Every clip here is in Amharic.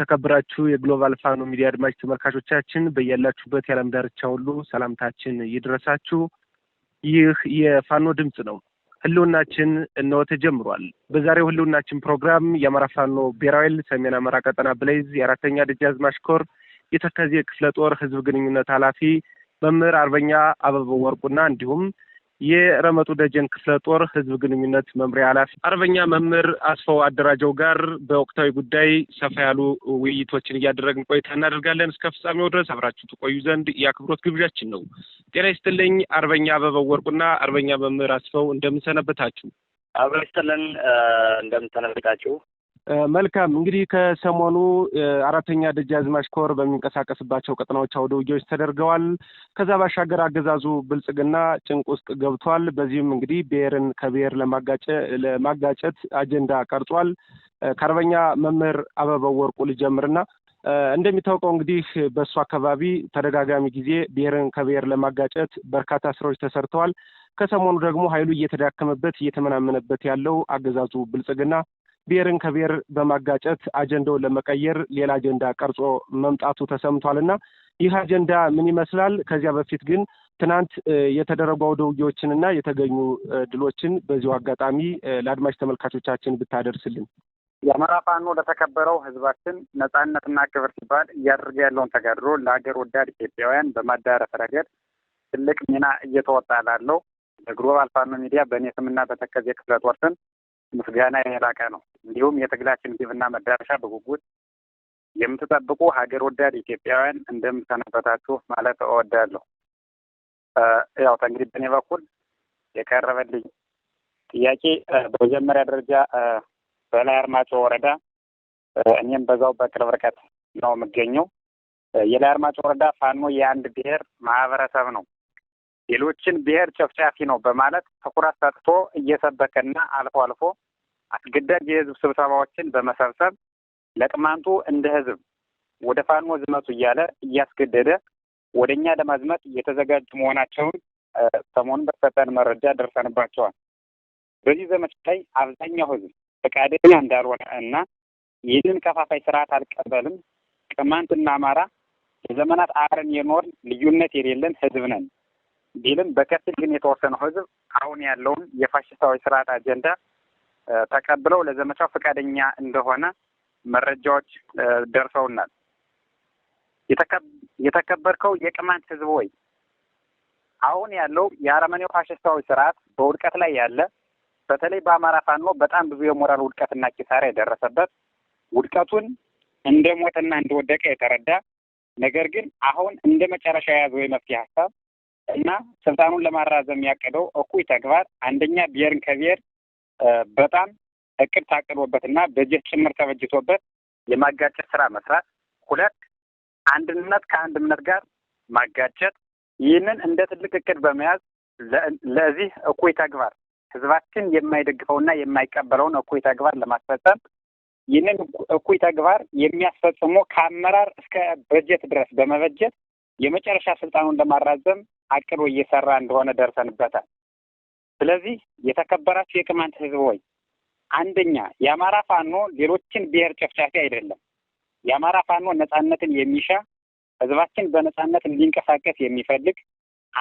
የተከበራችሁ የግሎባል ፋኖ ሚዲያ አድማጭ ተመልካቾቻችን በያላችሁበት የዓለም ዳርቻ ሁሉ ሰላምታችን ይድረሳችሁ። ይህ የፋኖ ድምፅ ነው። ህልውናችን እነሆ ተጀምሯል። በዛሬው ህልውናችን ፕሮግራም የአማራ ፋኖ ብሔራዊ ኃይል ሰሜን አማራ ቀጠና ብለይዝ የአራተኛ ደጃዝማች ኮር የተከዜ ክፍለ ጦር ህዝብ ግንኙነት ኃላፊ መምህር አርበኛ አበበ ወርቁና እንዲሁም የረመጡ ደጀን ክፍለ ጦር ህዝብ ግንኙነት መምሪያ ኃላፊ አርበኛ መምህር አስፋው አደራጀው ጋር በወቅታዊ ጉዳይ ሰፋ ያሉ ውይይቶችን እያደረግን ቆይታ እናደርጋለን። እስከ ፍጻሜው ድረስ አብራችሁ ትቆዩ ዘንድ የአክብሮት ግብዣችን ነው። ጤና ይስጥልኝ። አርበኛ አበበ ወርቁና አርበኛ መምህር አስፈው እንደምንሰነበታችሁ? አብረን እንደምንሰነበታችሁ መልካም እንግዲህ ከሰሞኑ አራተኛ ደጃዝማች ኮር በሚንቀሳቀስባቸው ቀጠናዎች አውደ ውጊያዎች ተደርገዋል። ከዛ ባሻገር አገዛዙ ብልጽግና ጭንቅ ውስጥ ገብቷል። በዚህም እንግዲህ ብሔርን ከብሔር ለማጋጨት አጀንዳ ቀርጿል። ከአርበኛ መምህር አበበው ወርቁ ልጀምርና እንደሚታወቀው እንግዲህ በእሱ አካባቢ ተደጋጋሚ ጊዜ ብሔርን ከብሔር ለማጋጨት በርካታ ስራዎች ተሰርተዋል። ከሰሞኑ ደግሞ ኃይሉ እየተዳከመበት እየተመናመነበት ያለው አገዛዙ ብልጽግና ብሔርን ከብሔር በማጋጨት አጀንዳውን ለመቀየር ሌላ አጀንዳ ቀርጾ መምጣቱ ተሰምቷልና ይህ አጀንዳ ምን ይመስላል? ከዚያ በፊት ግን ትናንት የተደረጉ አውደ እና የተገኙ ድሎችን በዚሁ አጋጣሚ ለአድማጭ ተመልካቾቻችን ብታደርስልን። የአማራ ፋኖ ለተከበረው ህዝባችን ነጻነትና ክብር ሲባል እያደረገ ያለውን ተጋድሮ ለሀገር ወዳድ ኢትዮጵያውያን በማዳረስ ረገድ ትልቅ ሚና እየተወጣ ላለው በግሎባል ፋኖ ሚዲያ በእኔ ስምና በተከዜ ክፍለ ጦር ስም ምስጋና የላቀ ነው። እንዲሁም የትግላችን ግብና መዳረሻ በጉጉት የምትጠብቁ ሀገር ወዳድ ኢትዮጵያውያን እንደምሰነበታችሁ ማለት እወዳለሁ። ያው ከእንግዲህ በእኔ በኩል የቀረበልኝ ጥያቄ በመጀመሪያ ደረጃ በላይ አርማጮ ወረዳ እኔም በዛው በቅርብ ርቀት ነው የምገኘው። የላይ አርማጮ ወረዳ ፋኖ የአንድ ብሔር ማህበረሰብ ነው። ሌሎችን ብሔር ጨፍጫፊ ነው በማለት ትኩረት ሰጥቶ እየሰበከና አልፎ አልፎ አስገዳጅ የህዝብ ስብሰባዎችን በመሰብሰብ ለቅማንቱ እንደ ህዝብ ወደ ፋኖ ዝመቱ እያለ እያስገደደ ወደ እኛ ለማዝመት እየተዘጋጁ መሆናቸውን ሰሞኑን በተሰጠን መረጃ ደርሰንባቸዋል። በዚህ ዘመቻ ላይ አብዛኛው ህዝብ ፈቃደኛ እንዳልሆነ እና ይህንን ከፋፋይ ስርዓት አልቀበልም፣ ቅማንትና አማራ ለዘመናት አብረን የኖርን ልዩነት የሌለን ህዝብ ነን ቢልም በከፊል ግን የተወሰነው ህዝብ አሁን ያለውን የፋሽስታዊ ስርዓት አጀንዳ ተቀብለው ለዘመቻው ፈቃደኛ እንደሆነ መረጃዎች ደርሰውናል። የተከበርከው የቅማንት ህዝብ ወይ አሁን ያለው የአረመኔው ፋሽስታዊ ስርዓት በውድቀት ላይ ያለ በተለይ በአማራ ፋኖ በጣም ብዙ የሞራል ውድቀትና ኪሳራ የደረሰበት ውድቀቱን እንደ ሞትና እንደወደቀ የተረዳ ነገር ግን አሁን እንደ መጨረሻ የያዘው የመፍትሄ ሀሳብ እና ስልጣኑን ለማራዘም ያቀደው እኩይ ተግባር አንደኛ ብሔርን ከብሔር በጣም እቅድ ታቅዶበት እና በጀት ጭምር ተበጅቶበት የማጋጨት ስራ መስራት፣ ሁለት አንድነት ከአንድ እምነት ጋር ማጋጨት። ይህንን እንደ ትልቅ እቅድ በመያዝ ለዚህ እኩይ ተግባር ህዝባችን የማይደግፈውና የማይቀበለውን እኩይ ተግባር ለማስፈጸም ይህንን እኩይ ተግባር የሚያስፈጽሙ ከአመራር እስከ በጀት ድረስ በመበጀት የመጨረሻ ስልጣኑን ለማራዘም አቅዶ እየሰራ እንደሆነ ደርሰንበታል። ስለዚህ የተከበራችሁ የቅማንት ህዝብ ሆይ አንደኛ የአማራ ፋኖ ሌሎችን ብሔር ጨፍጫፊ አይደለም። የአማራ ፋኖ ነጻነትን የሚሻ ህዝባችን በነጻነት እንዲንቀሳቀስ የሚፈልግ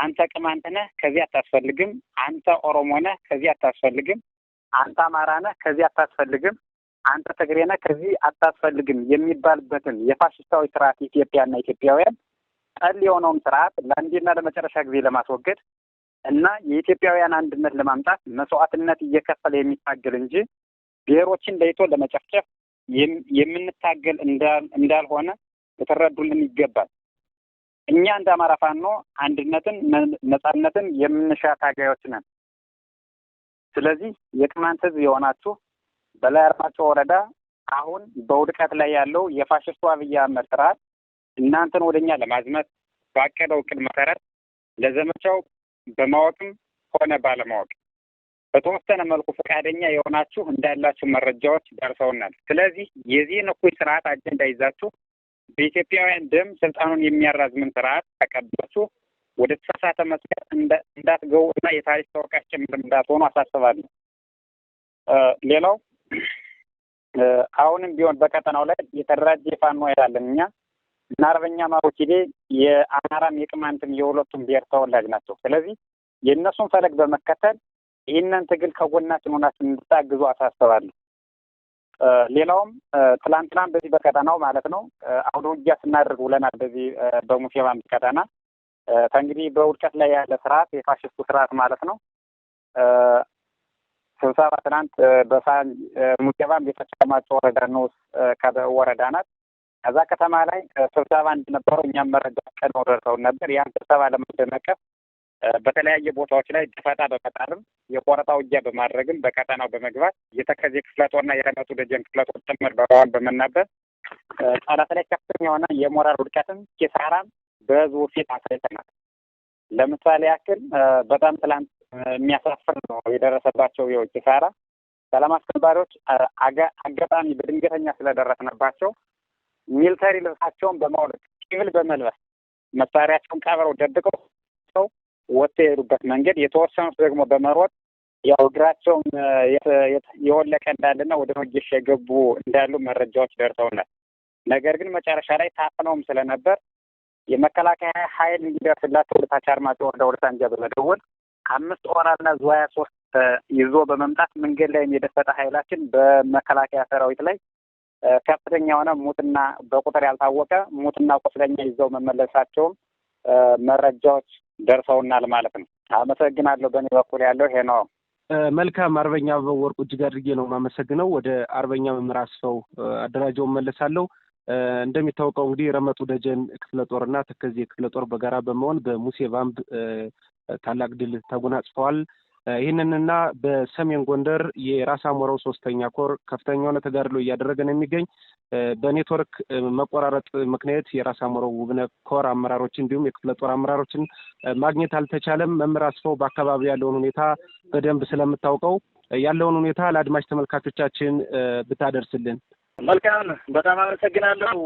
አንተ ቅማንት ነህ ከዚህ አታስፈልግም፣ አንተ ኦሮሞ ነህ ከዚህ አታስፈልግም፣ አንተ አማራ ነህ ከዚህ አታስፈልግም፣ አንተ ትግሬ ነህ ከዚህ አታስፈልግም የሚባልበትን የፋሽስታዊ ስርዓት ኢትዮጵያና ኢትዮጵያውያን ጠል የሆነውን ስርዓት ለአንዴና ለመጨረሻ ጊዜ ለማስወገድ እና የኢትዮጵያውያን አንድነት ለማምጣት መስዋዕትነት እየከፈለ የሚታገል እንጂ ብሔሮችን ለይቶ ለመጨፍጨፍ የምንታገል እንዳልሆነ ልትረዱልን ይገባል። እኛ እንደ አማራ ፋኖ አንድነትን፣ ነጻነትን የምንሻ ታጋዮች ነን። ስለዚህ የቅማንት ህዝብ የሆናችሁ በላይ አርማጮ ወረዳ አሁን በውድቀት ላይ ያለው የፋሽስቱ አብይ አህመድ ስርዓት እናንተን ወደ እኛ ለማዝመት ባቀደው እቅድ መሰረት ለዘመቻው በማወቅም ሆነ ባለማወቅ በተወሰነ መልኩ ፈቃደኛ የሆናችሁ እንዳላችሁ መረጃዎች ደርሰውናል። ስለዚህ የዚህን እኩይ ስርዓት አጀንዳ ይዛችሁ በኢትዮጵያውያን ደም ስልጣኑን የሚያራዝምን ስርዓት ተቀብላችሁ ወደ ተሳሳተ መስመር እንዳትገቡ እና የታሪክ ተወቃሽ ጭምር እንዳትሆኑ አሳስባለሁ። ሌላው አሁንም ቢሆን በቀጠናው ላይ የተደራጀ የፋኖ ኃይል እኛ እና አርበኛ ማሮኪዴ የአማራም የቅማንትም የሁለቱም ብሔር ተወላጅ ናቸው። ስለዚህ የእነሱን ፈለግ በመከተል ይህንን ትግል ከጎናችን ሆናችሁ እንድታግዙ አሳስባለሁ። ሌላውም ትላንትናም በዚህ በቀጠናው ማለት ነው አውደ ውጊያ ስናደርግ ውለናል። በዚህ በሙሴ ቀጠና ከእንግዲህ በውድቀት ላይ ያለ ስርዓት የፋሽስቱ ስርዓት ማለት ነው ስብሰባ ትናንት በሳ ሙሴ ባምቢ የተጨማጭ ወረዳ ንዑስ ወረዳ ናት። ከዛ ከተማ ላይ ስብሰባ እንደነበሩ እኛም መረጃ ቀድመው ደርሰውን ነበር። ያን ስብሰባ ለማደናቀፍ በተለያየ ቦታዎች ላይ ደፈጣ በመጣልም የቆረጣ ውጊያ በማድረግም በቀጠናው በመግባት የተከዜ ክፍለ ጦርና የረመጡ ደጀን ክፍለ ጦር ጥምር በመዋል በመናበር ጠላት ላይ ከፍተኛ የሆነ የሞራል ውድቀትም ኪሳራም በህዝቡ ፊት አሳይተናል። ለምሳሌ ያክል በጣም ትላንት የሚያሳፍር ነው የደረሰባቸው የውጭ ሳራ ሰላም አስከባሪዎች አጋጣሚ በድንገተኛ ስለደረስነባቸው ሚልተሪ ልብሳቸውን በማውለቅ ጭብል በመልበስ መሳሪያቸውን ቀብረው ደብቀው ሰው ወጥተው የሄዱበት መንገድ፣ የተወሰኑት ደግሞ በመሮጥ ያው እግራቸውን የወለቀ እንዳለና ወደ ወጌሻ የገቡ እንዳሉ መረጃዎች ደርሰውናል። ነገር ግን መጨረሻ ላይ ታፍነውም ስለነበር የመከላከያ ኃይል እንዲደርስላቸው ወደታች አርማጭሆ ወረዳ ወደ ሳንጃ በመደወል አምስት ኦራልና ዙ ሀያ ሶስት ይዞ በመምጣት መንገድ ላይ የደፈጠ ኃይላችን በመከላከያ ሰራዊት ላይ ከፍተኛ የሆነ ሙትና በቁጥር ያልታወቀ ሙትና ቁስለኛ ይዘው መመለሳቸውም መረጃዎች ደርሰውናል ማለት ነው። አመሰግናለሁ። በእኔ በኩል ያለው ይሄ ነው። መልካም አርበኛ አበበው ወርቁ እጅግ አድርጌ ነው የማመሰግነው። ወደ አርበኛ መምህር አስፋው አደራጀው መለሳለሁ። እንደሚታወቀው እንግዲህ ረመጡ ደጀን ክፍለ ጦር ጦርና ተከዜ ክፍለ ጦር በጋራ በመሆን በሙሴ ቫምብ ታላቅ ድል ተጎናጽፈዋል። ይህንንና በሰሜን ጎንደር የራስ አሞራው ሶስተኛ ኮር ከፍተኛ የሆነ ተጋድሎ እያደረገ ነው የሚገኝ። በኔትወርክ መቆራረጥ ምክንያት የራስ አሞራው ውብነ ኮር አመራሮችን እንዲሁም የክፍለ ጦር አመራሮችን ማግኘት አልተቻለም። መምህር አስፈው በአካባቢ ያለውን ሁኔታ በደንብ ስለምታውቀው ያለውን ሁኔታ ለአድማጭ ተመልካቾቻችን ብታደርስልን። መልካም በጣም አመሰግናለሁ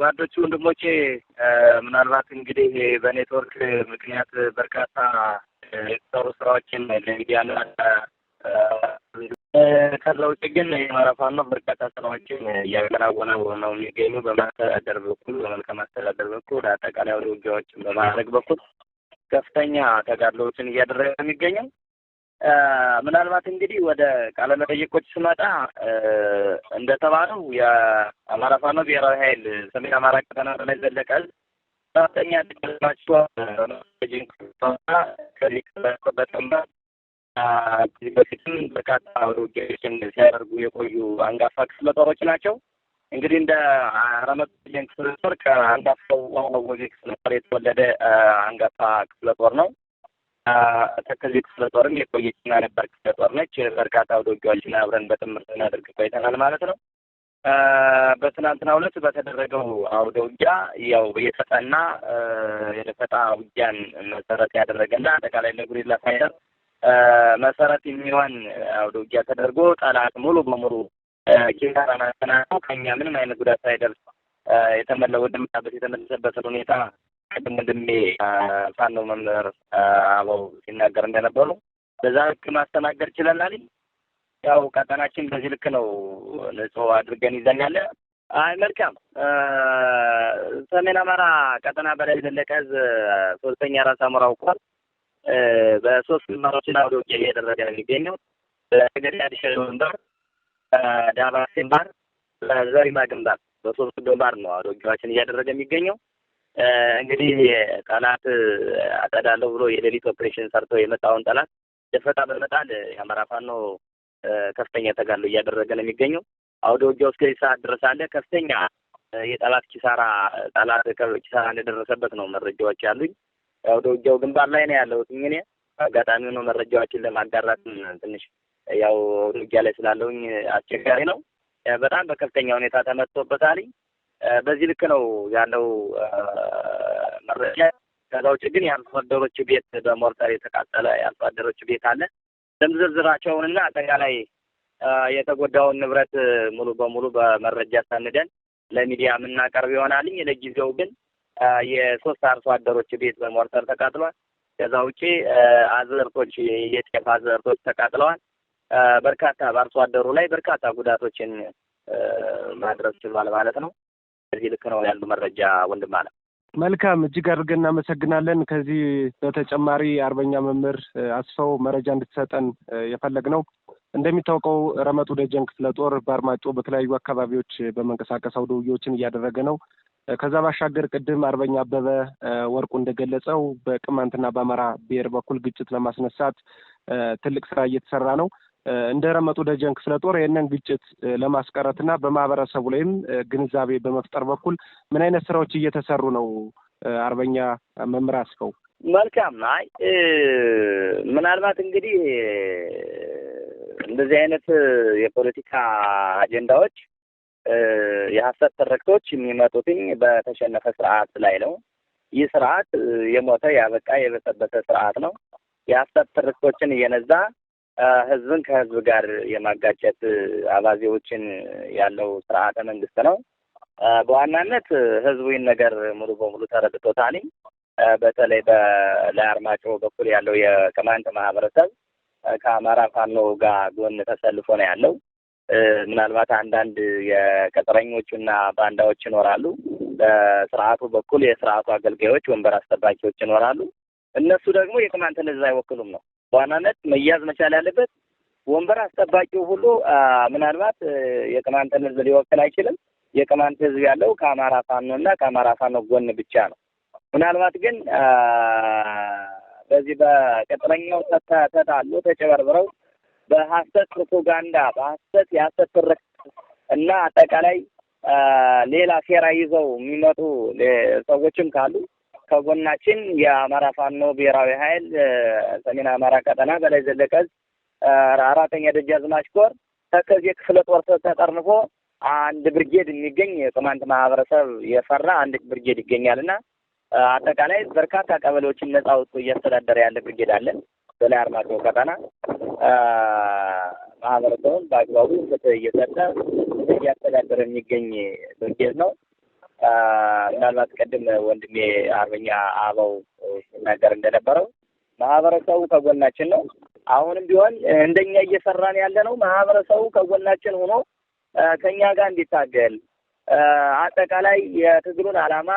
ጓዶቹ ወንድሞቼ። ምናልባት እንግዲህ በኔትወርክ ምክንያት በርካታ የተሰሩ ስራዎችን ለሚዲያና ከዛ ውጭ ግን የማራፋኖ በርካታ ስራዎችን እያከናወነ ነው የሚገኙ በማስተዳደር በኩል በመልካም አስተዳደር በኩል አጠቃላይ ወደ ውጊያዎችን በማድረግ በኩል ከፍተኛ ተጋድሎዎችን እያደረገ ነው የሚገኘው። ምናልባት እንግዲህ ወደ ቃለ መጠይቆች ስመጣ እንደተባለው የአማራ ፋኖ ብሔራዊ ኃይል ሰሜን አማራ ቀጠና በላይ ዘለቀል አራተኛ ደረጃቸው ከዚህ በፊትም በርካታ ውጊያዎችን ሲያደርጉ የቆዩ አንጋፋ ክፍለ ጦሮች ናቸው። እንግዲህ እንደ አረመጥ ክፍለ ጦር ከአንጋፋው ወዜ ክፍለ ጦር የተወለደ አንጋፋ ክፍለ ጦር ነው። ተከዚ ክፍለ ጦርም የቆየችና ነባር ክፍለ ጦር ነች። በርካታ ውጊያዎችን አብረን በጥምር ስናደርግ ቆይተናል ማለት ነው። በትናንትናው ዕለት በተደረገው አውደ ውጊያ ያው የተጠና የደፈጣ ውጊያን መሰረት ያደረገና አጠቃላይ ለጉሪላ ፋይተር መሰረት የሚሆን አውደ ውጊያ ተደርጎ ጠላት ሙሉ በሙሉ ኪሳራን አስተናግዶ ከኛ ምንም አይነት ጉዳት ሳይደርስ የተመለ ወደ የተመለሰበትን ሁኔታ ቅድም ወንድሜ ፋኖ መምህር አበው ሲናገር እንደነበሩ በዛ ህግ ማስተናገድ ችለናል። ያው ቀጠናችን በዚህ ልክ ነው ንጹህ አድርገን ይዘኛለ። አይ መልካም ሰሜን አማራ ቀጠና በላይ ዘለቀ እዝ ሶስተኛ ራስ አሞራ ውቋል በሶስት ግንባሮችና ወደ ውጊያ እያደረገ ነው የሚገኘው በነገር ዲሸል ግንባር፣ ዳባ ግንባር፣ በዘሪማ ግንባር በሶስቱ ግንባር ነው አውደ ውጊያችን እያደረገ የሚገኘው። እንግዲህ ጠላት አጠዳለሁ ብሎ የሌሊት ኦፕሬሽን ሰርቶ የመጣውን ጠላት ደፈጣ በመጣል የአማራ ፋኖ ከፍተኛ ተጋድሎ እያደረገ ነው የሚገኘው። አውደ ውጊያው እስከዚህ ሰዓት ድረስ አለ። ከፍተኛ የጠላት ኪሳራ ጠላት ኪሳራ እንደደረሰበት ነው መረጃዎች ያሉኝ። አውደ ውጊያው ግንባር ላይ ነው ያለሁት እኔ አጋጣሚ ሆኖ መረጃዎችን ለማጋራት ትንሽ ያው አውደ ውጊያ ላይ ስላለውኝ አስቸጋሪ ነው። በጣም በከፍተኛ ሁኔታ ተመትቶበታል። በዚህ ልክ ነው ያለው መረጃ። ከዛ ውጭ ግን የአርሶ ቤት በሞርተር የተቃጠለ የአርሶ ቤት አለ። ደም ዝርዝራቸውንና አጠቃላይ የተጎዳውን ንብረት ሙሉ በሙሉ በመረጃ ሰንደን ለሚዲያ የምናቀርብ ይሆናልኝ። ለጊዜው ግን የሶስት አርሶ አደሮች ቤት በሞርተር ተቃጥሏል። ከዛ ውጪ አዝርቶች የጤፍ አዝርቶች ተቃጥለዋል። በርካታ በአርሶ አደሩ ላይ በርካታ ጉዳቶችን ማድረስ ችሏል ማለት ነው። እዚህ ልክ ነው ያሉ መረጃ ወንድም አለ መልካም እጅግ አድርገን እናመሰግናለን። ከዚህ በተጨማሪ አርበኛ መምህር አስፋው መረጃ እንድትሰጠን የፈለግ ነው። እንደሚታወቀው ረመጡ ደጀን ክፍለ ጦር በአርማጮ በተለያዩ አካባቢዎች በመንቀሳቀስ አውደ ውጊያዎችን እያደረገ ነው። ከዛ ባሻገር ቅድም አርበኛ አበበ ወርቁ እንደገለጸው በቅማንትና በአማራ ብሔር በኩል ግጭት ለማስነሳት ትልቅ ስራ እየተሰራ ነው። እንደረመጡ ረመጡ ደጀን ክፍለ ጦር ይህንን ግጭት ለማስቀረትና በማህበረሰቡ ላይም ግንዛቤ በመፍጠር በኩል ምን አይነት ስራዎች እየተሰሩ ነው? አርበኛ መምህር አስከው መልካም። አይ ምናልባት እንግዲህ እንደዚህ አይነት የፖለቲካ አጀንዳዎች የሀሰት ትርክቶች የሚመጡትኝ በተሸነፈ ስርዓት ላይ ነው። ይህ ስርዓት የሞተ ያበቃ የበሰበሰ ስርዓት ነው። የሀሰት ትርክቶችን እየነዛ ህዝብን ከህዝብ ጋር የማጋጨት አባዜዎችን ያለው ስርዓተ መንግስት ነው። በዋናነት ህዝቡ ይህን ነገር ሙሉ በሙሉ ተረድቶታል። በተለይ በላይ አርማጭሆ በኩል ያለው የቅማንት ማህበረሰብ ከአማራ ፋኖ ጋር ጎን ተሰልፎ ነው ያለው። ምናልባት አንዳንድ የቅጥረኞቹና ባንዳዎች ይኖራሉ። በስርዓቱ በኩል የስርዓቱ አገልጋዮች፣ ወንበር አስጠባቂዎች ይኖራሉ። እነሱ ደግሞ የቅማንትን ህዝብ አይወክሉም ነው በዋናነት መያዝ መቻል ያለበት ወንበር አስጠባቂው ሁሉ ምናልባት የቅማንትን ህዝብ ሊወክል አይችልም። የቅማንት ህዝብ ያለው ከአማራ ፋኖ እና ከአማራ ፋኖ ጎን ብቻ ነው። ምናልባት ግን በዚህ በቅጥረኛው ተታሉ ተጨበርብረው በሀሰት ፕሮፓጋንዳ በሀሰት የሀሰት ትርክት እና አጠቃላይ ሌላ ሴራ ይዘው የሚመጡ ሰዎችም ካሉ ከጎናችን የአማራ ፋኖ ብሔራዊ ኃይል ሰሜን አማራ ቀጠና በላይ ዘለቀ አራተኛ ደጃዝማች ኮር ተከዜ ክፍለ ጦር ተጠርንፎ አንድ ብርጌድ የሚገኝ የቅማንት ማህበረሰብ የፈራ አንድ ብርጌድ ይገኛል እና አጠቃላይ በርካታ ቀበሌዎችን ነጻ አውጥቶ እያስተዳደረ ያለ ብርጌድ አለን። በላይ አርማጭሆ ቀጠና ማህበረሰቡን በአግባቡ ፍትህ እየሰጠ እያስተዳደረ የሚገኝ ብርጌድ ነው። ምናልባት ቅድም ወንድሜ አርበኛ አበው ሲናገር እንደነበረው ማህበረሰቡ ከጎናችን ነው። አሁንም ቢሆን እንደኛ እየሰራን ያለ ነው። ማህበረሰቡ ከጎናችን ሆኖ ከኛ ጋር እንዲታገል አጠቃላይ የትግሉን ዓላማ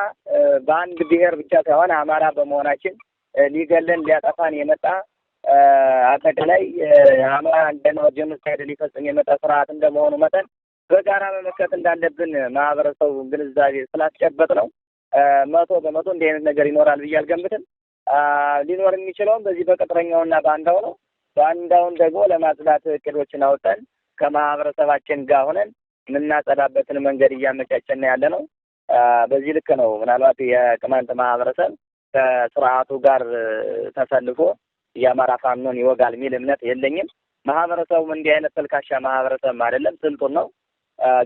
በአንድ ብሔር ብቻ ሳይሆን አማራ በመሆናችን ሊገለን ሊያጠፋን የመጣ አጠቃላይ አማራ እንደ ጀኖሳይድ ሊፈጽም የመጣ ስርዓት እንደመሆኑ መጠን በጋራ መመከት እንዳለብን ማህበረሰቡ ግንዛቤ ስላስጨበጥ ነው መቶ በመቶ እንዲህ አይነት ነገር ይኖራል ብዬ አልገምትም። ሊኖር የሚችለውም በዚህ በቅጥረኛውና በአንዳው ነው። በአንዳውን ደግሞ ለማጽዳት እቅዶችን አውጠን ከማህበረሰባችን ጋር ሆነን የምናጸዳበትን መንገድ እያመቻቸን ያለ ነው። በዚህ ልክ ነው። ምናልባት የቅማንት ማህበረሰብ ከስርዓቱ ጋር ተሰልፎ የአማራ ፋኖን ይወጋል የሚል እምነት የለኝም። ማህበረሰቡም እንዲህ አይነት ተልካሻ ማህበረሰብም አይደለም። ስልጡን ነው።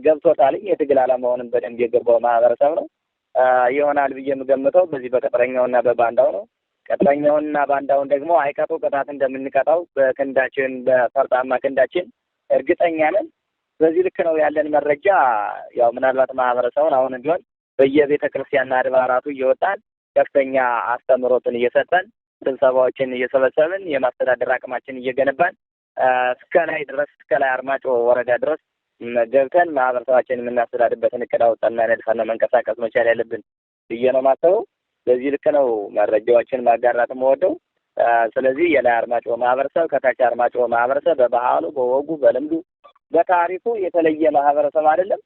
ገብቶታል። የትግል አላማውንም በደንብ የገባው ማህበረሰብ ነው ይሆናል ብዬ የምገምተው በዚህ በቅጥረኛውና በባንዳው ነው። ቅጥረኛውና ባንዳውን ደግሞ አይቀጡ ቅጣት እንደምንቀጣው በክንዳችን በፈርጣማ ክንዳችን እርግጠኛ ነን። በዚህ ልክ ነው ያለን መረጃ። ያው ምናልባት ማህበረሰቡን አሁንም ቢሆን በየቤተ ክርስቲያንና አድባራቱ እየወጣን ከፍተኛ አስተምሮትን እየሰጠን ስብሰባዎችን እየሰበሰብን የማስተዳደር አቅማችን እየገነባን እስከ ላይ ድረስ እስከ ላይ አርማጮ ወረዳ ድረስ ገብተን ማህበረሰባችን የምናስተዳድበትን እቅድ አውጣና ነድፈና መንቀሳቀስ መቻል ያለብን ብዬ ነው የማስበው። በዚህ ልክ ነው መረጃዎችን ማጋራት መወደው። ስለዚህ የላይ አርማጭሆ ማህበረሰብ ከታች አርማጭሆ ማህበረሰብ በባህሉ፣ በወጉ፣ በልምዱ፣ በታሪኩ የተለየ ማህበረሰብ አይደለም።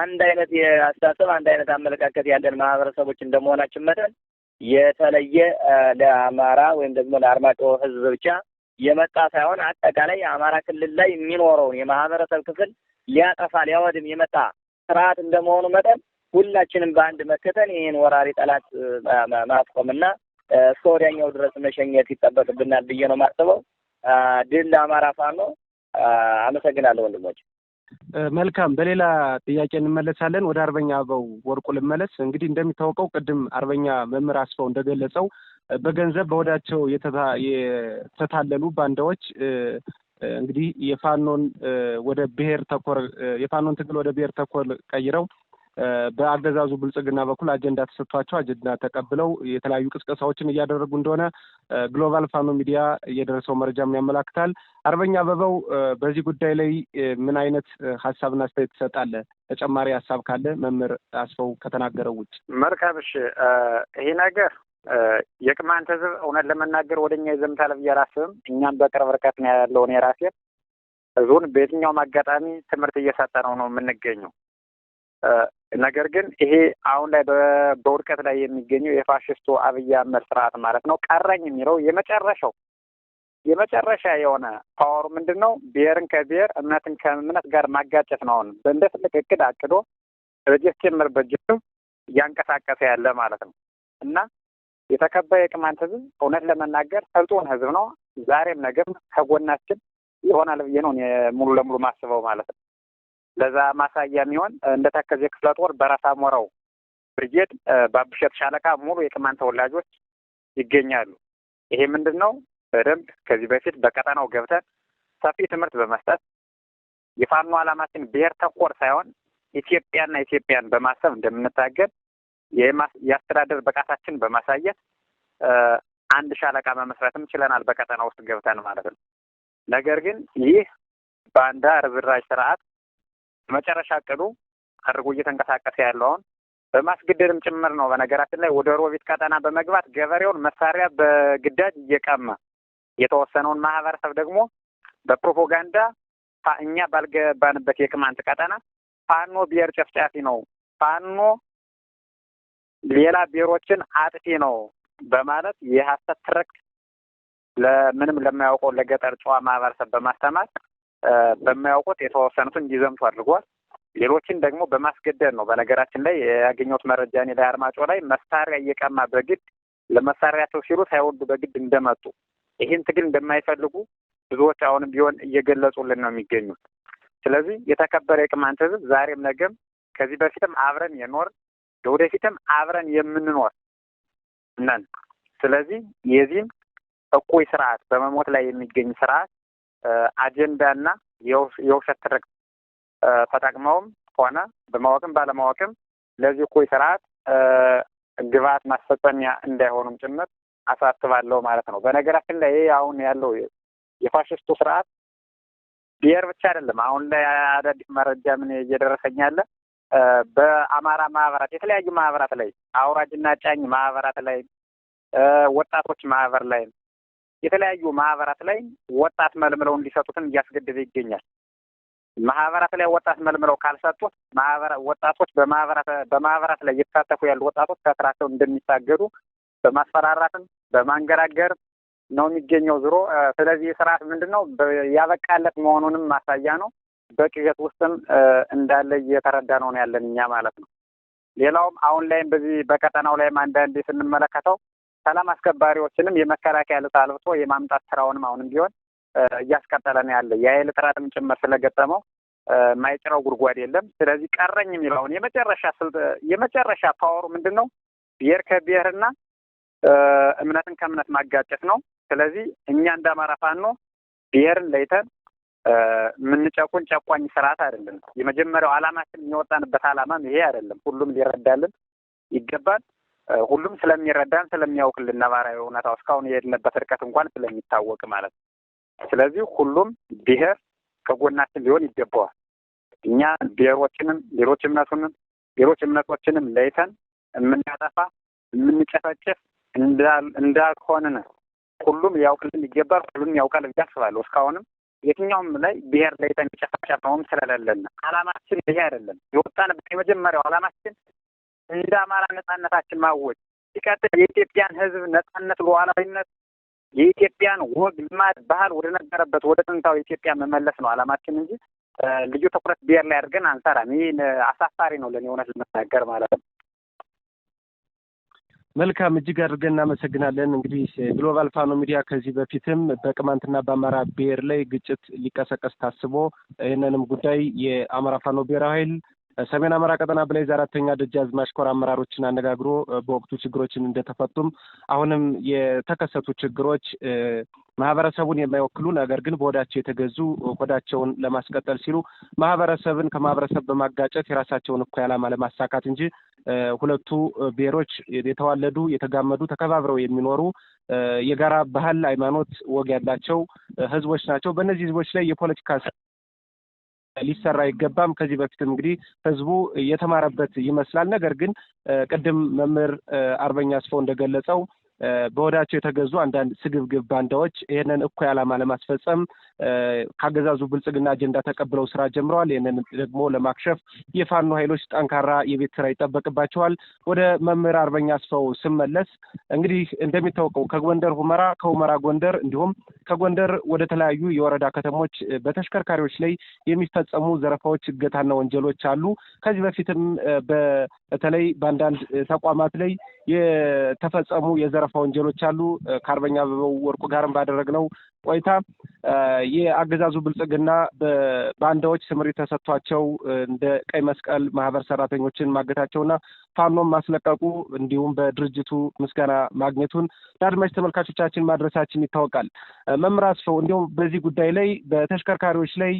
አንድ አይነት የአስተሳሰብ አንድ አይነት አመለካከት ያለን ማህበረሰቦች እንደመሆናችን መጠን የተለየ ለአማራ ወይም ደግሞ ለአርማጭሆ ህዝብ ብቻ የመጣ ሳይሆን አጠቃላይ የአማራ ክልል ላይ የሚኖረውን የማህበረሰብ ክፍል ሊያጠፋ ሊያወድም የመጣ ስርዓት እንደመሆኑ መጠን ሁላችንም በአንድ መከተል ይህን ወራሪ ጠላት ማስቆምና እስከ ወዲያኛው ድረስ መሸኘት ይጠበቅብናል ብዬ ነው የማስበው። ድል ለአማራ ፋኖ! አመሰግናለሁ ወንድሞች። መልካም፣ በሌላ ጥያቄ እንመለሳለን። ወደ አርበኛ አበው ወርቁ ልመለስ። እንግዲህ እንደሚታወቀው ቅድም አርበኛ መምህር አስፈው እንደገለጸው በገንዘብ በወዳቸው የተታለሉ ባንዳዎች እንግዲህ የፋኖን ወደ ብሔር ተኮር የፋኖን ትግል ወደ ብሔር ተኮር ቀይረው በአገዛዙ ብልጽግና በኩል አጀንዳ ተሰጥቷቸው አጀንዳ ተቀብለው የተለያዩ ቅስቀሳዎችን እያደረጉ እንደሆነ ግሎባል ፋኖ ሚዲያ የደረሰው መረጃም ያመላክታል። አርበኛ አበበው በዚህ ጉዳይ ላይ ምን አይነት ሀሳብና አስተያየት ትሰጣለ? ተጨማሪ ሀሳብ ካለ መምህር አስፈው ከተናገረው ውጭ። መልካም እሺ፣ ይሄ ነገር የቅማንት ህዝብ እውነት ለመናገር ወደ እኛ ይዘምታል ብዬ አላስብም። እኛም በቅርብ ርቀት ነው ያለውን የራሴ ህዝቡን በየትኛውም አጋጣሚ ትምህርት እየሰጠ ነው ነው የምንገኘው። ነገር ግን ይሄ አሁን ላይ በውድቀት ላይ የሚገኘው የፋሽስቱ አብይ አህመድ ስርዓት ማለት ነው ቀረኝ የሚለው የመጨረሻው የመጨረሻ የሆነ ፓወሩ ምንድን ነው? ብሔርን ከብሔር እምነትን ከእምነት ጋር ማጋጨት ነው። አሁን በእንደ ትልቅ እቅድ አቅዶ በጀት ጭምር በጀት እያንቀሳቀሰ ያለ ማለት ነው እና የተከበረ የቅማንት ህዝብ እውነት ለመናገር ሰልጡን ህዝብ ነው። ዛሬም ነገም ከጎናችን ይሆናል ብዬ ነው ሙሉ ለሙሉ ማስበው ማለት ነው። ለዛ ማሳያ የሚሆን እንደ ተከዜ ክፍለ ጦር በራሳ ሞራው ብርጌድ በአብሸት ሻለቃ ሙሉ የቅማንት ተወላጆች ይገኛሉ። ይሄ ምንድን ነው? በደንብ ከዚህ በፊት በቀጠናው ገብተን ሰፊ ትምህርት በመስጠት የፋኖ ዓላማችን ብሔር ተኮር ሳይሆን ኢትዮጵያና ኢትዮጵያን በማሰብ እንደምንታገል የአስተዳደር ብቃታችን በማሳየት አንድ ሻለቃ መመስረትም ችለናል፣ በቀጠና ውስጥ ገብተን ማለት ነው። ነገር ግን ይህ ባንዳ ርብራጅ ስርዓት መጨረሻ እቅዱ አድርጎ እየተንቀሳቀሰ ያለውን በማስገደድም ጭምር ነው። በነገራችን ላይ ወደ ሮቢት ቀጠና በመግባት ገበሬውን መሳሪያ በግዳጅ እየቀማ የተወሰነውን ማህበረሰብ ደግሞ በፕሮፓጋንዳ እኛ ባልገባንበት የቅማንት ቀጠና ፋኖ ብሔር ጨፍጫፊ ነው፣ ፋኖ ሌላ ብሔሮችን አጥፊ ነው በማለት የሀሰት ትረክ ለምንም ለማያውቀው ለገጠር ጨዋ ማህበረሰብ በማስተማር በማያውቁት የተወሰኑትን እንዲዘምቱ አድርጓል። ሌሎችን ደግሞ በማስገደድ ነው። በነገራችን ላይ ያገኘሁት መረጃ እኔ ላይ አርማጮ ላይ መሳሪያ እየቀማ በግድ ለመሳሪያቸው ሲሉ ሳይወዱ በግድ እንደመጡ ይህን ትግል እንደማይፈልጉ ብዙዎች አሁንም ቢሆን እየገለጹልን ነው የሚገኙት። ስለዚህ የተከበረ የቅማንት ዛሬም ነገም ከዚህ በፊትም አብረን የኖር ለወደፊትም አብረን የምንኖር ነን። ስለዚህ የዚህም እኩይ ስርዓት በመሞት ላይ የሚገኝ ስርዓት አጀንዳና የውሸት ትርክ ተጠቅመውም ሆነ በማወቅም ባለማወቅም ለዚህ እኩይ ስርዓት ግብዓት ማስፈጸሚያ እንዳይሆኑም ጭምር አሳስባለሁ ማለት ነው። በነገራችን ላይ ይህ አሁን ያለው የፋሽስቱ ስርዓት ብሔር ብቻ አይደለም። አሁን ላይ አዳዲስ መረጃ ምን እየደረሰኝ ያለ በአማራ ማህበራት የተለያዩ ማህበራት ላይ አውራጅና ጫኝ ማህበራት ላይ ወጣቶች ማህበር ላይ የተለያዩ ማህበራት ላይ ወጣት መልምለው እንዲሰጡትን እያስገደደ ይገኛል። ማህበራት ላይ ወጣት መልምለው ካልሰጡት ወጣቶች በማህበራት ላይ እየተሳተፉ ያሉ ወጣቶች ከስራቸው እንደሚታገዱ በማስፈራራትም በማንገራገር ነው የሚገኘው ዝሮ ስለዚህ ስርዓት ምንድን ነው ያበቃለት መሆኑንም ማሳያ ነው። በቅዠት ውስጥም እንዳለ እየተረዳ ነው ያለን እኛ ማለት ነው። ሌላውም አሁን ላይም በዚህ በቀጠናው ላይም አንዳንዴ ስንመለከተው ሰላም አስከባሪዎችንም የመከላከያ ልት አልብሶ የማምጣት ስራውንም አሁንም ቢሆን እያስቀጠለ ነው ያለ የኃይል ጥራትም ጭምር ስለገጠመው ማይጭረው ጉድጓድ የለም። ስለዚህ ቀረኝ የሚለውን የመጨረሻ ስልት የመጨረሻ ፓወሩ ምንድን ነው? ብሔር ከብሔርና እምነትን ከእምነት ማጋጨት ነው። ስለዚህ እኛ እንደ አማራ ፋኖ ብሔርን ለይተን የምንጨቁን ጨቋኝ ስርዓት አይደለም። የመጀመሪያው አላማችን የሚወጣንበት አላማም ይሄ አይደለም። ሁሉም ሊረዳልን ይገባል። ሁሉም ስለሚረዳን ስለሚያውቅልን ነባራዊ እውነታው እስካሁን የሄድንበት እርቀት እንኳን ስለሚታወቅ ማለት ነው። ስለዚህ ሁሉም ብሔር ከጎናችን ሊሆን ይገባዋል። እኛ ብሔሮችንም ሌሎች እምነቱንም ሌሎች እምነቶችንም ለይተን የምናጠፋ የምንጨፈጭፍ እንዳልሆንን ሁሉም ሊያውቅልን ይገባል። ሁሉም ያውቃል ብዬ አስባለሁ። እስካሁንም የትኛውም ላይ ብሔር ላይ ጨፋጨፈውም ስለሌለን አላማችን ይሄ አይደለም። የወጣንበት የመጀመሪያው አላማችን እንደ አማራ ነጻነታችን ማወጅ ሲቀጥል የኢትዮጵያን ህዝብ ነጻነት፣ ሉዓላዊነት፣ የኢትዮጵያን ወግ፣ ልማድ፣ ባህል ወደ ነበረበት ወደ ጥንታዊ ኢትዮጵያ መመለስ ነው አላማችን እንጂ ልዩ ትኩረት ብሔር ላይ አድርገን አንሰራም። ይህ አሳፋሪ ነው ለእኔ እውነት ልመናገር ማለት ነው። መልካም እጅግ አድርገን እናመሰግናለን። እንግዲህ ግሎባል ፋኖ ሚዲያ ከዚህ በፊትም በቅማንትና በአማራ ብሔር ላይ ግጭት ሊቀሰቀስ ታስቦ ይህንንም ጉዳይ የአማራ ፋኖ ብሔራዊ ኃይል ሰሜን አማራ ቀጠና ብላይ አራተኛ ደጃዝማች ኮር አመራሮችን አነጋግሮ በወቅቱ ችግሮችን እንደተፈቱም አሁንም የተከሰቱ ችግሮች ማህበረሰቡን የማይወክሉ ነገር ግን በሆዳቸው የተገዙ ሆዳቸውን ለማስቀጠል ሲሉ ማህበረሰብን ከማህበረሰብ በማጋጨት የራሳቸውን እኩይ ዓላማ ለማሳካት እንጂ ሁለቱ ብሔሮች የተዋለዱ የተጋመዱ ተከባብረው የሚኖሩ የጋራ ባህል፣ ሃይማኖት፣ ወግ ያላቸው ህዝቦች ናቸው። በእነዚህ ህዝቦች ላይ የፖለቲካ ሊሰራ አይገባም። ከዚህ በፊትም እንግዲህ ህዝቡ የተማረበት ይመስላል። ነገር ግን ቅድም መምህር አርበኛ አስፋው እንደገለጸው በወዳቸው የተገዙ አንዳንድ ስግብግብ ባንዳዎች ይህንን እኩይ ዓላማ ለማስፈጸም ካገዛዙ ብልጽግና አጀንዳ ተቀብለው ስራ ጀምረዋል። ይህንን ደግሞ ለማክሸፍ የፋኖ ኃይሎች ጠንካራ የቤት ስራ ይጠበቅባቸዋል። ወደ መምህር አርበኛ አስፋው ስመለስ እንግዲህ እንደሚታወቀው ከጎንደር ሁመራ፣ ከሁመራ ጎንደር እንዲሁም ከጎንደር ወደ ተለያዩ የወረዳ ከተሞች በተሽከርካሪዎች ላይ የሚፈጸሙ ዘረፋዎች፣ እገታና ወንጀሎች አሉ። ከዚህ በፊትም በተለይ በአንዳንድ ተቋማት ላይ የተፈጸሙ የዘረፋ ወንጀሎች አሉ። ከአርበኛ አበበው ወርቁ ጋርም ባደረግነው ቆይታ የአገዛዙ ብልጽግና በባንዳዎች ስምሪት ተሰጥቷቸው እንደ ቀይ መስቀል ማህበር ሰራተኞችን ማገታቸውና ፋኖም ማስለቀቁ እንዲሁም በድርጅቱ ምስጋና ማግኘቱን ለአድማጭ ተመልካቾቻችን ማድረሳችን ይታወቃል። መምህር አስፈው፣ እንዲሁም በዚህ ጉዳይ ላይ በተሽከርካሪዎች ላይ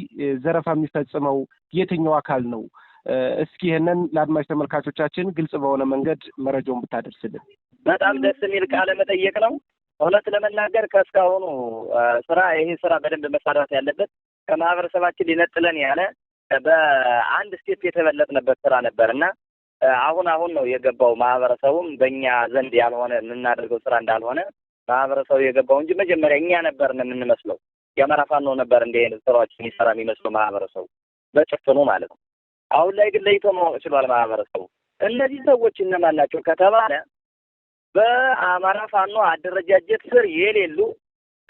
ዘረፋ የሚፈጽመው የትኛው አካል ነው? እስኪ ይህንን ለአድማጭ ተመልካቾቻችን ግልጽ በሆነ መንገድ መረጃውን ብታደርስልን። በጣም ደስ የሚል ቃለ መጠየቅ ነው። እውነት ለመናገር ከእስካሁኑ ስራ ይህን ስራ በደንብ መሰራት ያለበት ከማህበረሰባችን ሊነጥለን ያለ በአንድ ስቴፕ የተበለጥንበት ስራ ነበር እና አሁን አሁን ነው የገባው ማህበረሰቡም በእኛ ዘንድ ያልሆነ የምናደርገው ስራ እንዳልሆነ ማህበረሰቡ የገባው እንጂ መጀመሪያ እኛ ነበርን የምንመስለው የአማራ ፋኖ ነበር አይነት ስራዎች የሚሰራ የሚመስለው ማህበረሰቡ በጭፍኑ ማለት ነው። አሁን ላይ ግን ለይቶ ማወቅ ችሏል ማህበረሰቡ። እነዚህ ሰዎች እነማን ናቸው ከተባለ በአማራ ፋኖ አደረጃጀት ስር የሌሉ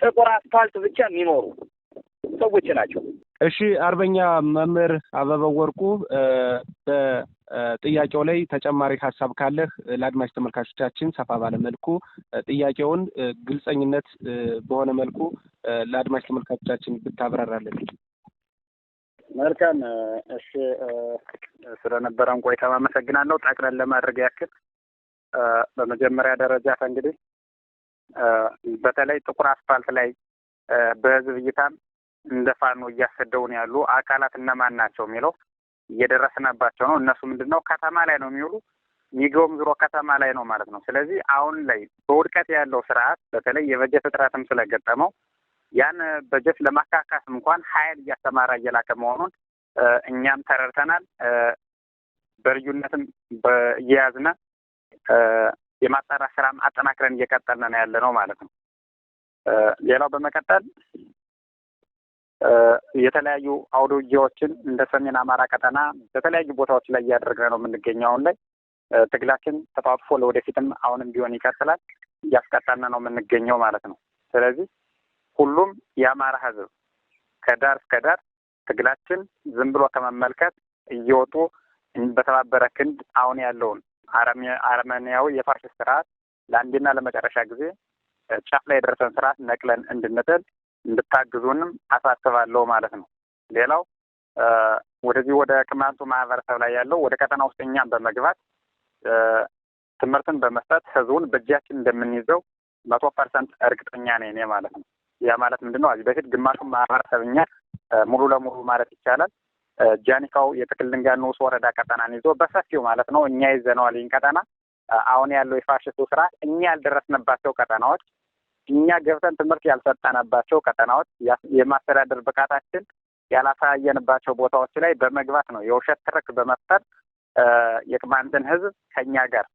ጥቁር አስፋልት ብቻ የሚኖሩ ሰዎች ናቸው። እሺ አርበኛ መምህር አበበው ወርቁ በጥያቄው ላይ ተጨማሪ ሀሳብ ካለህ ለአድማጭ ተመልካቾቻችን ሰፋ ባለ መልኩ ጥያቄውን ግልጸኝነት በሆነ መልኩ ለአድማጭ ተመልካቾቻችን ብታብራራለን። መልካም እሺ፣ ስለነበረን ቆይታ አመሰግናለሁ። ጠቅለን ለማድረግ ያክል በመጀመሪያ ደረጃ እንግዲህ በተለይ ጥቁር አስፋልት ላይ በህዝብ እይታም እንደ ፋኖ እያሰደውን ያሉ አካላት እነማን ናቸው የሚለው እየደረስንባቸው ነው። እነሱ ምንድን ነው ከተማ ላይ ነው የሚውሉ ሚገውም ዝሮ ከተማ ላይ ነው ማለት ነው። ስለዚህ አሁን ላይ በውድቀት ያለው ስርዓት በተለይ የበጀት እጥረትም ስለገጠመው ያን በጀት ለማካካስ እንኳን ሀይል እያስተማራ እየላከ መሆኑን እኛም ተረድተናል። በልዩነትም እየያዝነ የማጣራት ስራ አጠናክረን እየቀጠልን ነው ያለ ነው ማለት ነው። ሌላው በመቀጠል የተለያዩ አውደ ውጊያዎችን እንደ ሰሜን አማራ ቀጠና በተለያዩ ቦታዎች ላይ እያደረግን ነው የምንገኘው። አሁን ላይ ትግላችን ተፋጥፎ ለወደፊትም አሁንም ቢሆን ይቀጥላል፣ እያስቀጠልን ነው የምንገኘው ማለት ነው። ስለዚህ ሁሉም የአማራ ህዝብ ከዳር እስከ ዳር ትግላችን ዝም ብሎ ከመመልከት እየወጡ በተባበረ ክንድ አሁን ያለውን አረመኔያዊ የፋሽስት ስርዓት ለአንዴና ለመጨረሻ ጊዜ ጫፍ ላይ የደረሰን ስርዓት ነቅለን እንድንጥል እንድታግዙንም አሳስባለሁ ማለት ነው። ሌላው ወደዚህ ወደ ቅማንቱ ማህበረሰብ ላይ ያለው ወደ ቀጠና ውስጥ እኛም በመግባት ትምህርትን በመስጠት ህዝቡን በእጃችን እንደምንይዘው መቶ ፐርሰንት እርግጠኛ ነኝ እኔ ማለት ነው። ያ ማለት ምንድን ነው? በፊት ግማሹን ማህበረሰብ እኛ ሙሉ ለሙሉ ማለት ይቻላል ጃኒካው የጥቅል ድንጋይ ንዑስ ወረዳ ቀጠናን ይዞ በሰፊው ማለት ነው እኛ ይዘነዋል። ይህን ቀጠና አሁን ያለው የፋሽስቱ ስርዓት እኛ ያልደረስንባቸው ቀጠናዎች፣ እኛ ገብተን ትምህርት ያልሰጠንባቸው ቀጠናዎች፣ የማስተዳደር ብቃታችን ያላሳየንባቸው ቦታዎች ላይ በመግባት ነው የውሸት ትርክ በመፍጠር የቅማንትን ህዝብ ከኛ ጋር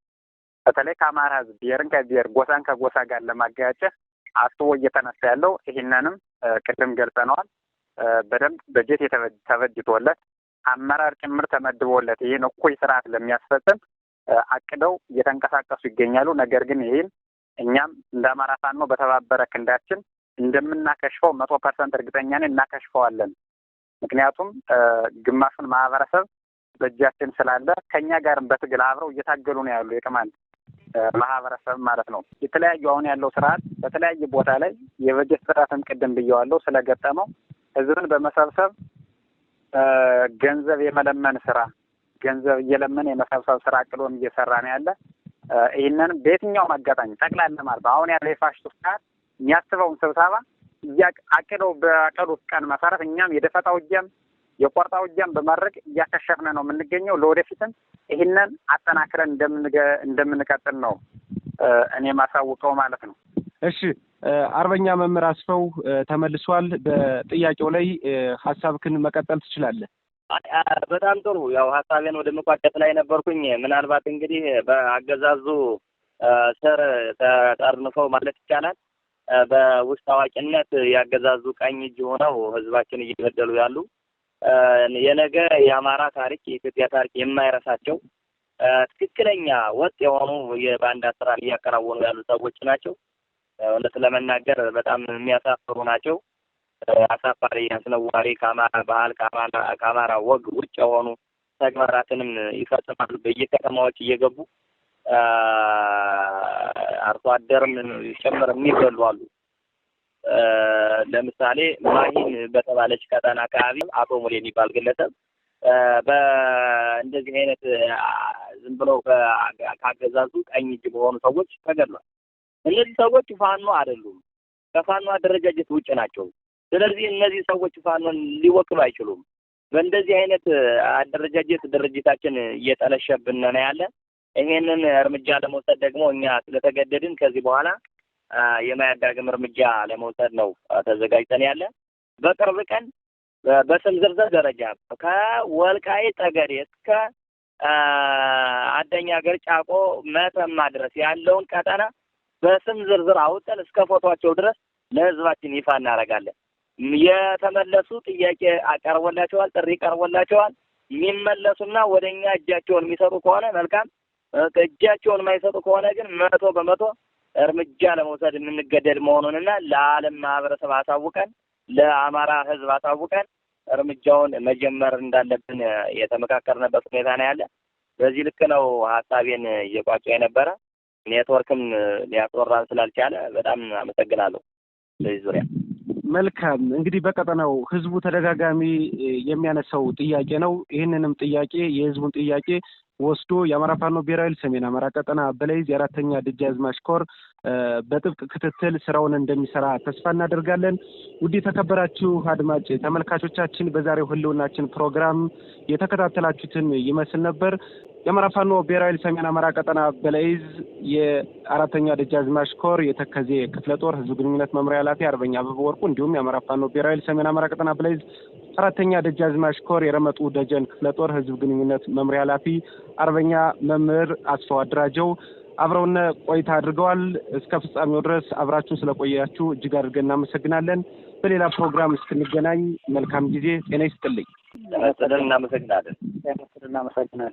በተለይ ከአማራ ህዝብ ብሔርን ከብሔር ጎሳን ከጎሳ ጋር ለማጋጨት አስቦ እየተነሳ ያለው ይህንንም ቅድም ገልጸነዋል። በደንብ በጀት ተበጅቶለት አመራር ጭምር ተመድቦለት ይህን እኩይ ስርዓት ለሚያስፈጽም አቅደው እየተንቀሳቀሱ ይገኛሉ። ነገር ግን ይህን እኛም እንደ አማራ ፋኖ በተባበረ ክንዳችን እንደምናከሽፈው መቶ ፐርሰንት እርግጠኛ ነን፣ እናከሽፈዋለን። ምክንያቱም ግማሹን ማህበረሰብ በእጃችን ስላለ ከእኛ ጋርም በትግል አብረው እየታገሉ ነው ያሉ የቅማንት ማህበረሰብ ማለት ነው። የተለያዩ አሁን ያለው ስርዓት በተለያየ ቦታ ላይ የበጀት ስርዓትን ቅድም ብየዋለው ስለገጠመው ህዝብን በመሰብሰብ ገንዘብ የመለመን ስራ ገንዘብ እየለመን የመሰብሰብ ስራ ቅሎም እየሰራ ነው ያለ። ይህንን በየትኛውም አጋጣሚ ጠቅላላ ማለት አሁን ያለ የፋሽቱ ስርዓት የሚያስበውን ስብሰባ አቅደው በቀዱት ቀን መሰረት እኛም የደፈጣ ውጊያም የቆርጣ ውጊያም በማድረግ እያከሸፍነ ነው የምንገኘው። ለወደፊትም ይህንን አጠናክረን እንደምንቀጥል ነው እኔ ማሳውቀው ማለት ነው። እሺ አርበኛ መምህር አስፈው ተመልሷል። በጥያቄው ላይ ሀሳብክን መቀጠል ትችላለህ። በጣም ጥሩ። ያው ሀሳቤን ወደ መቋጨት ላይ ነበርኩኝ። ምናልባት እንግዲህ በአገዛዙ ስር ተጠርንፈው ማለት ይቻላል በውስጥ አዋቂነት ያገዛዙ ቀኝ እጅ ሆነው ህዝባችን እየበደሉ ያሉ የነገ የአማራ ታሪክ የኢትዮጵያ ታሪክ የማይረሳቸው ትክክለኛ ወጥ የሆኑ የባንዳ ስራን እያከናወኑ ያሉ ሰዎች ናቸው። እውነት ለመናገር በጣም የሚያሳፍሩ ናቸው። አሳፋሪ፣ አስነዋሪ ከአማራ ባህል ከአማራ ወግ ውጭ የሆኑ ተግባራትንም ይፈጽማሉ። በየከተማዎች እየገቡ አርሶ አደርም ጭምር የሚበሉ አሉ። ለምሳሌ ማሂን በተባለች ቀጠና አካባቢ አቶ ሙሌ የሚባል ግለሰብ በእንደዚህ አይነት ዝም ብለው ካገዛዙ ቀኝ እጅ በሆኑ ሰዎች ተገድሏል። እነዚህ ሰዎች ፋኖ አይደሉም፣ ከፋኖ አደረጃጀት ውጭ ናቸው። ስለዚህ እነዚህ ሰዎች ፋኖን ሊወክሉ አይችሉም። በእንደዚህ አይነት አደረጃጀት ድርጅታችን እየጠለሸብን ነው ያለ። ይሄንን እርምጃ ለመውሰድ ደግሞ እኛ ስለተገደድን ከዚህ በኋላ የማያዳግም እርምጃ ለመውሰድ ነው ተዘጋጅተን ያለ። በቅርብ ቀን በስም ዝርዝር ደረጃ ከወልቃይ ጠገዴ እስከ አደኛ ገር ጫቆ መተማ ድረስ ያለውን ቀጠና በስም ዝርዝር አውጥተን እስከ ፎቷቸው ድረስ ለህዝባችን ይፋ እናደርጋለን። የተመለሱ ጥያቄ አቀርቦላቸዋል፣ ጥሪ ቀርቦላቸዋል። የሚመለሱና ወደ እኛ እጃቸውን የሚሰጡ ከሆነ መልካም፣ እጃቸውን የማይሰጡ ከሆነ ግን መቶ በመቶ እርምጃ ለመውሰድ የምንገደድ መሆኑንና ለዓለም ማህበረሰብ አሳውቀን ለአማራ ህዝብ አሳውቀን እርምጃውን መጀመር እንዳለብን የተመካከርንበት ሁኔታ ነው ያለ። በዚህ ልክ ነው ሀሳቤን እየቋጨ የነበረ። ኔትወርክም ሊያቆራን ስላልቻለ በጣም አመሰግናለሁ። በዚህ ዙሪያ መልካም እንግዲህ በቀጠናው ህዝቡ ተደጋጋሚ የሚያነሳው ጥያቄ ነው። ይህንንም ጥያቄ የህዝቡን ጥያቄ ወስዶ የአማራ ፋኖ ብሔራዊ ሰሜን አማራ ቀጠና በለይዝ የአራተኛ ደጃዝማች ኮር በጥብቅ ክትትል ስራውን እንደሚሰራ ተስፋ እናደርጋለን። ውድ የተከበራችሁ አድማጭ ተመልካቾቻችን በዛሬው ህልውናችን ፕሮግራም የተከታተላችሁትን ይመስል ነበር። የአማራ ፋኖ ብሔራዊ ሰሜን አማራ ቀጠና በለይዝ የአራተኛ ደጃዝማች ኮር የተከዜ ክፍለ ጦር ህዝብ ግንኙነት መምሪያ ኃላፊ አርበኛ አበበ ወርቁ እንዲሁም የአማራ ፋኖ ብሔራዊ ሰሜን አማራ ቀጠና በላይዝ አራተኛ ደጃዝማች ኮር የረመጡ ደጀን ክፍለ ጦር ህዝብ ግንኙነት መምሪያ ኃላፊ አርበኛ መምህር አስፋው አድራጀው አብረውነ ቆይታ አድርገዋል። እስከ ፍጻሜው ድረስ አብራችሁን ስለቆያችሁ እጅግ አድርገን እናመሰግናለን። በሌላ ፕሮግራም እስክንገናኝ መልካም ጊዜ። ጤና ይስጥልኝ። ለመሰለን እናመሰግናለን። ለመሰለን እናመሰግናለን።